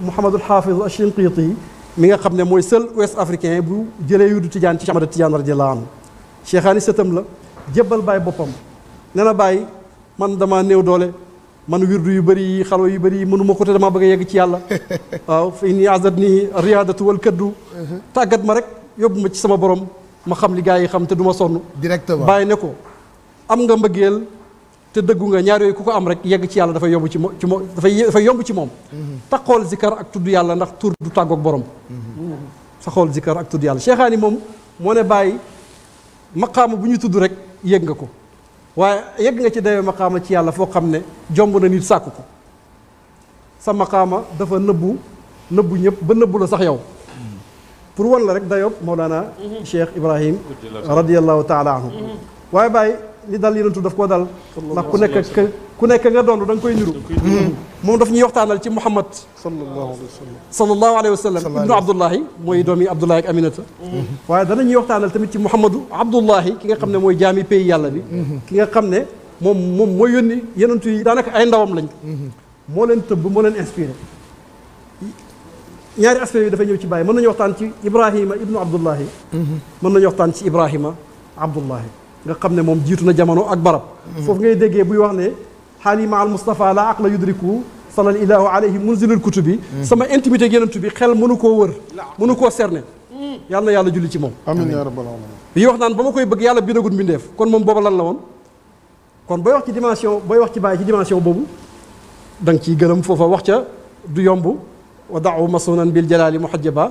Mouhamadul Hafiz Achinqiiti mi nga xam ne mooy seul ouest africain bu jëlee yudu Tidiane ci Ahmada Tidiane radiyallahu anhu Cheikhaani sëtam la jébbal baay boppam nee na baay man dama néew doole man wirdu yu bëri yi xalwa yu bëri yi mënuma ko te dama bëgg a yegg ci yàlla waaw fa inni azadni riyaadatu wal kaddu tàggat ma rek yóbbu ma ci sama borom ma xam li gaa yi xam te du ma sonn directement bàyyi ne ko am nga mbëggeel te dëggu nga ñaar yooyu ku ko am rek yegg ci yàlla dafay yomb ci moom ci moom dafay yomb ci moom mm-hmm. taxool zikar ak tudd yàlla ndax tur du tàggoog borom taxool mm-hmm. zikar ak tudd yàlla cheikhaani moom moo ne bàyyi maqaama bu ñu tudd rek yég nga ko waaye yég nga ci dayoo maxaama ci yàlla foo xam ne jomb na nit sàkku ko sa maqaama dafa nëbbu nëbbu ñëpp ba nëbbu la sax yow mm-hmm. pour wan la rek dayob Mawlana Cheikh Ibrahim radiallahu taala anhu waaye bay li dal yonentu daf koo dal ndax ku nekk ku nekk nga doon da nga koy niru moom daf ñuy waxtaanal ci Muhammad sallallahu alaihi wasallam sallam ibnu Abdullahi mooy domi Abdullahi ak Aminata waaye dana ñuy waxtaanal tamit ci Muhammadu Abdullahi ki nga xam ne mooy jaami yàlla bi ki nga xam ne moom moom mooy yónni yonentu yi daanaka ay ndawam lañ moo leen tëbb moo leen inspiré ñaari aspect yi dafay ñëw ci bàyyi mën nañu waxtaan ci Ibrahima ibnu Abdullahi mën nañu waxtaan ci Ibrahima Abdullahi nga xamne mom jitu na jamono ak barab foofu ngay dege buy wax ne halima al Mustafa la aqla yudriku al ilahu alayhi munzil al kutubi sama intimité ak yenentu bi xel mënu koo wër mënu koo cerner yàlla yàlla julli ci mom amin ya rabbal alamin yi wax nan bama koy bëgg yàlla bindagul mbindeef kon mom bobu lan la won kon boy wax ci dimension boy wax ci bàyyi ci dimension bobu dang ci gëlem gërëm wax ca du yomb wa da'u masunan bil jalali muhajjaba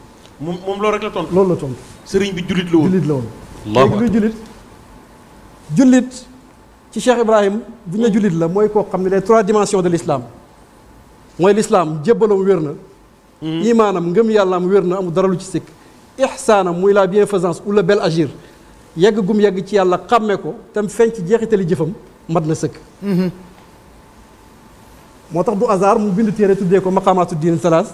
moom moom loolu rek la tontu. loolu la tontu. sëriñ bi jullit la woon jullit la woon. allahu akbar jullit. jullit ci Cheikh Ibrahim bu ñu la jullit la mooy koo xam ne les trois dimensions de l'islam mooy l'islam jébbalam wér na. imaanam ngëm yàllaam wér na amul dara lu ci sikk. ihsaanam muy la bienfaisance ou le bel agir yegg gum yegg ci yàlla xàmme ko tam feeñ ci jeexitali jëfam mat na sëkk. moo tax du hasard mu bind téere tuddee ko maqaamaatu diin salaas.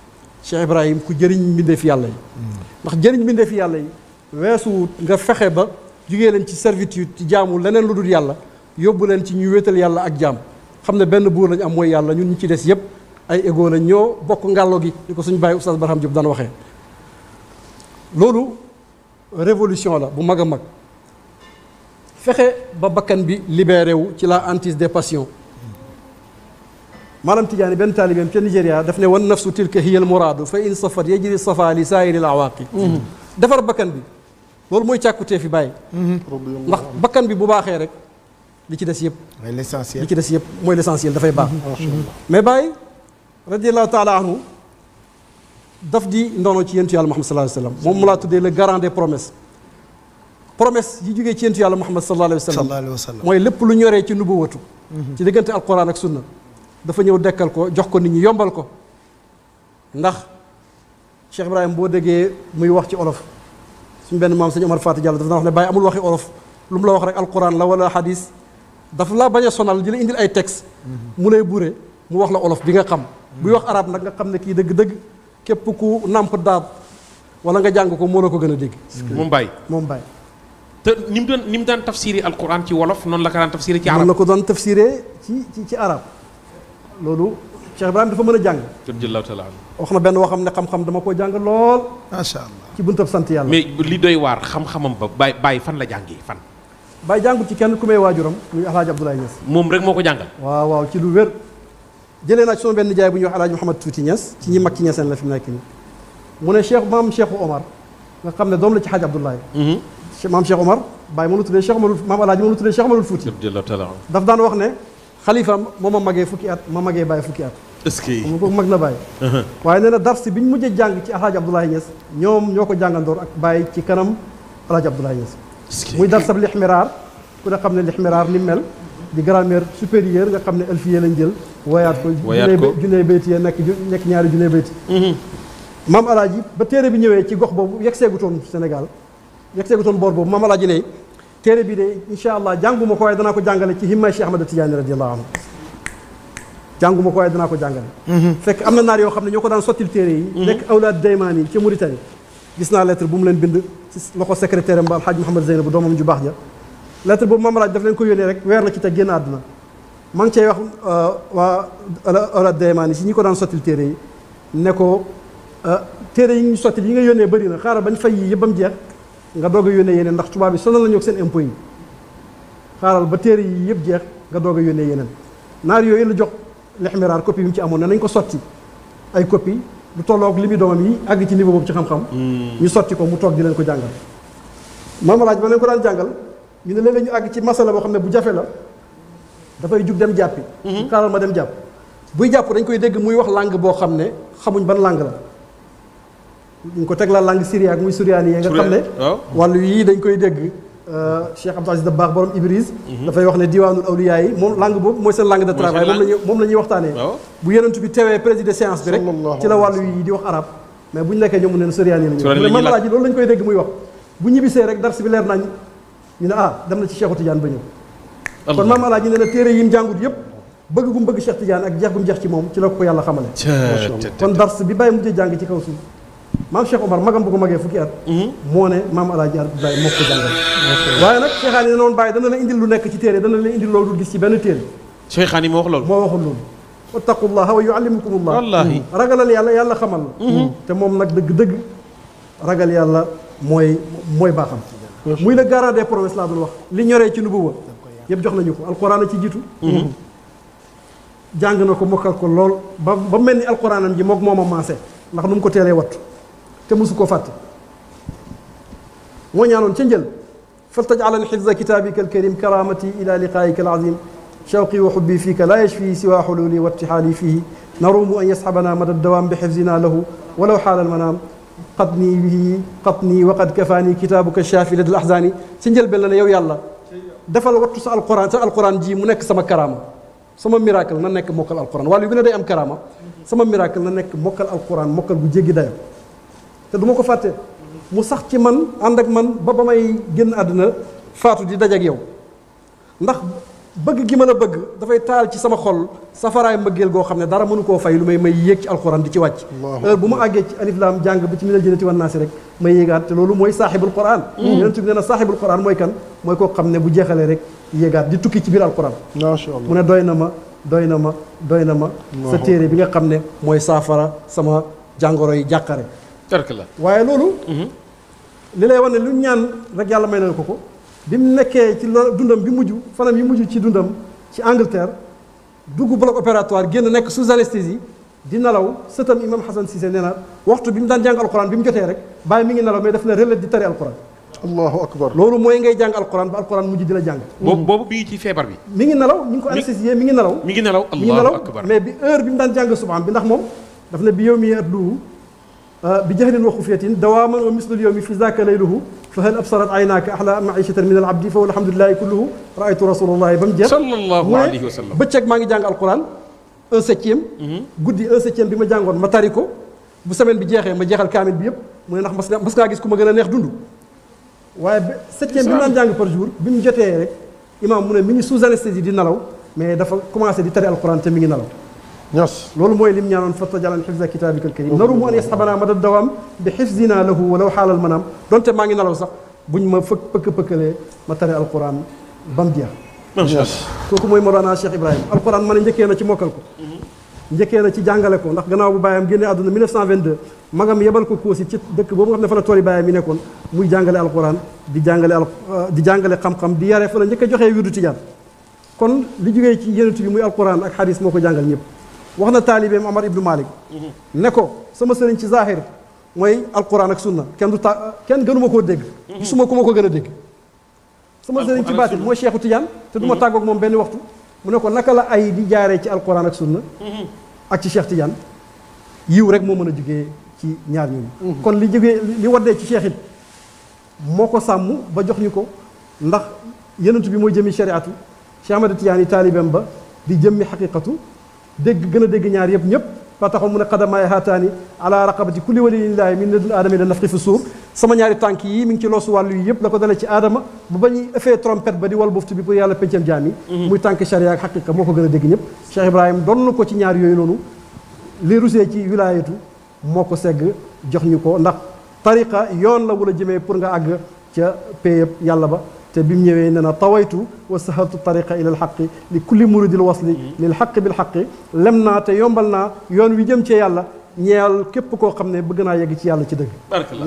Cheikh Ibrahim ku jëriñ mbindeef yàlla yi ndax jëriñ mbindeef yàlla yi weesuwut nga fexe ba jugé leen ci servitude ci jaamu lenen luddul yàlla yobul leen ci ñu wétal yàlla ak jaam xam ne benn buur lañ am moy yàlla ñun ñi ci dess yëpp ay égo lañ ñoo bokk ngàllo gi ni suñu baye oustad Barham Diop dañ waxé lolu révolution la bu maga mag fexe ba bakkan bi libéré wu ci la antise des passions ما لم تجاني بنت اللي بيمشي نيجيريا دفني والنفس تلك هي المراد فان صفر يجري الصفا لسائر العواقب دفر بكن بي لول موي تياكو تي في باي الله بكن بي بو باخي رك لي تي ديس ييب لي ليسانسييل لي تي ديس ييب موي ليسانسييل دا فاي با ما باي رضي الله تعالى عنه داف دي نونو تي ينتو يالله محمد صلى الله عليه وسلم موم لا تودي لو غران دي بروميس بروميس يي جوغي تي ينتو يالله محمد صلى الله عليه وسلم موي لب لو نيوري تي نوبوتو تي ديغنت القران اك سنه dafa ñew dekkal ko jox ko nit ñi yombal ko ndax cheikh ibrahim bo dege muy wax ci olof suñu ben mam sëñ omar fatou jàll dafa wax ne bàyyi amul waxi olof lu mu la wax rek alquran la wala hadith dafa la baña sonal di indil ay texte mhm. mu lay bouré mu wax la olof bi nga xam mhm. bu wax arab nak nga xam ne ki deug deug kep ku namp daab wala nga jang ko mo la ko gëna deg dégg bay bàyyi bay te nim doon nim daan tafsiri alquran ci wolof non la ka daan tafsiri ci arab non la ko doon tafsiré ci ci arab loolu Cheikh Ibrahima dafa mën a jàng. jërëjëf taala wax na benn woo xam ne xam-xam dama koo jàng lool. macha allah ci buntab sant yàlla. mais li doy waar xam-xamam ba bàyyi fan la jàngee fan. Baye jàngut ci kenn ku may waajuram muy El Hadj Abdoulaye Niass. moom rek moo ko jàngal. waaw waaw ci lu wér. jëlee naa ci sama benn jaay bu ñuy wax El Hadj Mouhamad Tuuti Niass ci ñi mag ci Niassène la fi mu nekk nii. mu ne Cheikh maam Cheikh Omar nga xam ne doom la ci Hadj Abdoulaye. Mm-hmm. maam Cheikh Omar Baye ma lu tuddee Cheikh Omarul maam El ma lu tuddee Cheikh Omarul Fuuti. daf daan wax ne xalifa moo ma magee fukki at ma magee bàyyi fukki at. est mu mag na bàyyi. Uh-huh. waaye nee na dars bi ñu mujjee jàng ci El Hadj Abdoulaye Niass ñoom ñoo ko jàngandoor ak bàyyi ci kanam El Hadj Abdoulaye Niass. est-ce que muy darsab lixmiraar ku ne xam ne lixmiraar ni mel. di grammaire supérieure nga xam ne alfiye lañ jël. woyaat ko woyaat ko junne bayti ya nekk ju nekk ñaari junne bayti. Uh-huh. maam El Hadj ba téere bi ñëwee ci gox boobu yegg seegutoon Sénégal yegg seegutoon boor boobu maam El Hadj ne. téere bi de incha allah jànguma ko waaye danaa ko jàngale ci himmay Cheikh Ahmada Tidiane radiyallahu anhu jànguma ko waaye danaa ko jàngale fekk am na naar yoo xam ne ñoo ko daan sottil téere yi nekk awlaad daymaan yi ca Mauritanie gis naa lettre bu mu leen bind ci loxo secrétaire am ba alxaaj Mouhamed Zeynab bu doomam ju baax ja lettre boobu maam laaj daf leen ko yónnee rek weer la ci te génn àdduna maa ngi cay wax waa awlaad daymaan yi si ñi ko daan sottil téere yi ne ko téere yi ñu sottil yi nga yónnee bëri na xaaral bañ fay yi yëpp ba mu jeex nga doog a yónnee yeneen ndax tubaab yi sonal la ñu ak seen impôt xaaral ba téere yi yëpp jeex nga doog a yónnee yeneen naar yooyu la jox lexmiraar copie bi mu ci amoon ne nañ ko sotti ay copie lu tolloo li muy doomam yi àgg ci niveau boobu ci xam-xam hmm. ñu sotti ko mu toog di leen ko jàngal maamalaaj ba leen ko daan jàngal ñu ne léeg-léeg àgg ci masala boo xam ne bu jafe la dafay jug dem jàppi hmm. xaaral ma dem jàpp buy jàpp dañ koy dégg muy wax langue boo xam ne xamuñ ban langue la ñu ko teg la langue syriaque muy suriyaani yi nga xam ne wàllu yii dañ koy dégg euh, Cheikh Abdou Aziz Dabakh borom Ibris mhm. dafay wax ne diwaanul awliyaa moom langue boobu mooy seen langue de travail moom lañuy moom la ñuy waxtaanee bu yenentu bi teewee président séance bi rek ci la wàllu yii di wax arabe mais bu ñu nekkee ñoom neen suriyaani yi la ñu mamalaa loolu lañ koy dégg muy wax bu ñibbisee rek dars bi leer nañ ñu ne ah dem na ci Cheikh Tidiane ba kon maam na téere yi mu jàngut yëpp bëgg gum bëgg Cheikh Tidiane ak jeex gum moom ci la ko yàlla xamale kon dars bi bàyyi mujjee jàng kaw suuf maam Cheikh Omar magam bu ko magee fukki at. Mhm. moo ne maam El Hadj Abdoulaye moo ko jàngal. waaye nag Cheikhaan yi dana la indil lu nekk ci téere dana la indil loolu gis ci benn téere. Cheikhaan yi moo wax loolu. moo waxul loolu. wattaqullaha wa yuallimukumullah. wallaahi mhm. ragalal yàlla yàlla xamal la. Mhm. te moom nag dëgg-dëgg ragal yàlla mooy mooy baaxam. muy le garant des promesses laa doon wax. li ñoree ci nubuwa yëpp jox nañu ko alquran ci jiitu. jàng na ko mokkal ko lool ba ba mel ni alquranam ji moog moom a maase ndax nu mu ko teelee wattu te musu ko fàtte moo ñaanoon ca njël فلتجعل الحفظ كتابك الكريم كرامتي إلى لقائك العظيم شوقي وحبي فيك لا يشفي سوى حلولي وارتحالي فيه نروم أن يسحبنا مدى الدوام بحفظنا له ولو حال المنام قطني به قطني وقد كفاني كتابك الشافي لدى الأحزان سنجل بلنا يو يلا دفل وقت القرآن سأل القرآن جي منك سما كرامة سما ميراكل ننك موكل القرآن والي بنا دي أم كرامة سما ميراكل ننك موكل القرآن موكل بجيجي دايو te duma ko fàtte mu sax ci man ànd ak man ba ba may génn àdduna faatu di daj ak yow ndax bëgg gi ma a bëgg dafay taal ci sama xol safaraay mbëggeel goo xam ne dara mënu koo fay lu may may yéeg ci alxuraan di ci wàcc heure bu ma àggee ci alif laam jàng bi ci mi nel jënati wan naa si rek may yéegaat te loolu mooy saaxibul quran mm. yeneen bi nee na saaxibul quran mooy kan mooy koo xam ne bu jeexalee rek yéegaat di tukki ci biir alxuraan macha allah mu ne doy na ma doy na ma doy na ma sa téere bi nga xam ne mooy saafara sama jàngoro yi jàqare la waaye loolu. Mhm. li lay wax ne lu ñaan rek yàlla may na ko ko bi mu nekkee ci lo dundam bi mujj fanam yi mujj ci dundam ci Angleterre dugg bloc opératoire génn nekk sous anesthésie di nelaw sëtam imam Hassan Cissé nee na waxtu bi mu daan jàng alquran bi mu jotee rek bàyyi mi ngi nelaw mais daf na relève di tari alquran. allahu akbar loolu mooy ngay jàng alquran ba alquran mujj di la jàng. boobu boobu bi ci feebar bi. mi ngi nelaw ñu ngi ko anesthésié mi ngi nelaw. ngi nelaw allahu akbar mi ngi bi heure بجهل وخفية دواما ومثل اليوم في ذاك ليله فهل أبصرت عيناك أحلى معيشة من العبد فهو الحمد لله كله رأيت رسول الله بمجر صلى الله عليه وسلم بتشك ماغي جانغ القرآن un septième guddi un septième bi ma jàngoon ma tari ko bu semaine bi jeexee ma jeexal kaamil bi yëpp mu ne ndax mas mas ngaa gis ku ma gën a neex dund waaye ba septième bi ma daan jàng par jour bi mu jotee rek imaam mu ne mi ngi sous anesthésie di nalaw mais dafa commencé di tari alquran te mi ngi nalaw يس لول موي لي نيانون فتجال الحفظ كتابك الكريم نرو مو ان يصحبنا مدى الدوام بحفظنا له ولو حال المنام دونت ماغي نالو صاح بون ما فك بك بكلي ما تري القران بام ديا كوكو موي مولانا شيخ ابراهيم القران ماني نديكي نا سي موكالكو نديكي نا سي جانغالكو ناخ غناو بايام غيني ادنا 1922 ماغام يبل كو كوسي سي دك بوم خنا فلا توري بايام مي نيكون موي جانغالي القران دي جانغالي آه، دي جانغالي خام خام دي ياري فلا نديكي جوخي ويدو تيجان كون لي جوغي سي يينتي موي القران اك حديث موكو جانغال نيب wax na taalibeem Amar ibnu Malik ne ko sama sëriñ ci zahir mooy alquran ak sunna kenn du ta kenn gënuma koo dégg gisuma ku ma ko gën a dégg sama sëriñ ci baatin mooy Cheikhu Tidiane te du ma tàggoog moom benn waxtu mu ne ko naka la ay di jaaree ci alquran ak sunna ak ci Cheikh Tidiane yiw rek moo mën a jugee ci ñaar ñooñu kon li jógee li waddee ci Cheikh it moo ko sàmm ba jox ñu ko ndax yenentu bi mooy jëmi shariatu Cheikh Ahmad Tidiane yi taalibeem ba di jëmmi xaqiqatu dégg gën a dégg ñaar yëpp ñëpp ba taxoon mu ne xadamaay haataani ala raqabati kulli waliyillaahi min nadul aadama ila nafxi fi suuf sama ñaari tànk yi mi ci loosu wàllu yi yëpp la ko dalee ci aadama ba ba ñuy effet trompette ba di wal bi pour yàlla pencam jaam mhm. muy tànk charia ak xaqiqa moo ko gën a dégg ñëpp Cheikh Ibrahima donn ko ci ñaar yooyu noonu li rusee ci wilaayatu moo ko segg jox ñu ko ndax tariqa yoon la wala jëmee pour nga àgg ca péyëb yàlla ba te bi mu ñëwee nee na tawaytu wa sahaltu tariqa ila alxaqi li kulli muridil wasli lil xaqi bil xaqi lem naa te yombal naa yoon wi jëm ci yàlla ñeel képp koo xam ne bëgg naa yegg ci yàlla ci dëgg barakallah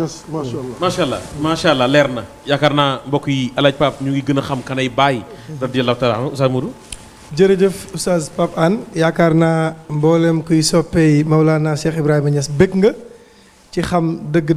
macha allah macha allah leer na yaakaar naa mbokk yi alaaj Pape ñu ngi gën a xam kanay bàyyi radiallahu taala anhu oustaz Modou jërëjëf oustaz Pape Hann yaakaar naa mboolem kuy soppee Maulana Cheikh Ibrahima Niass bëgg nga ci xam dëgg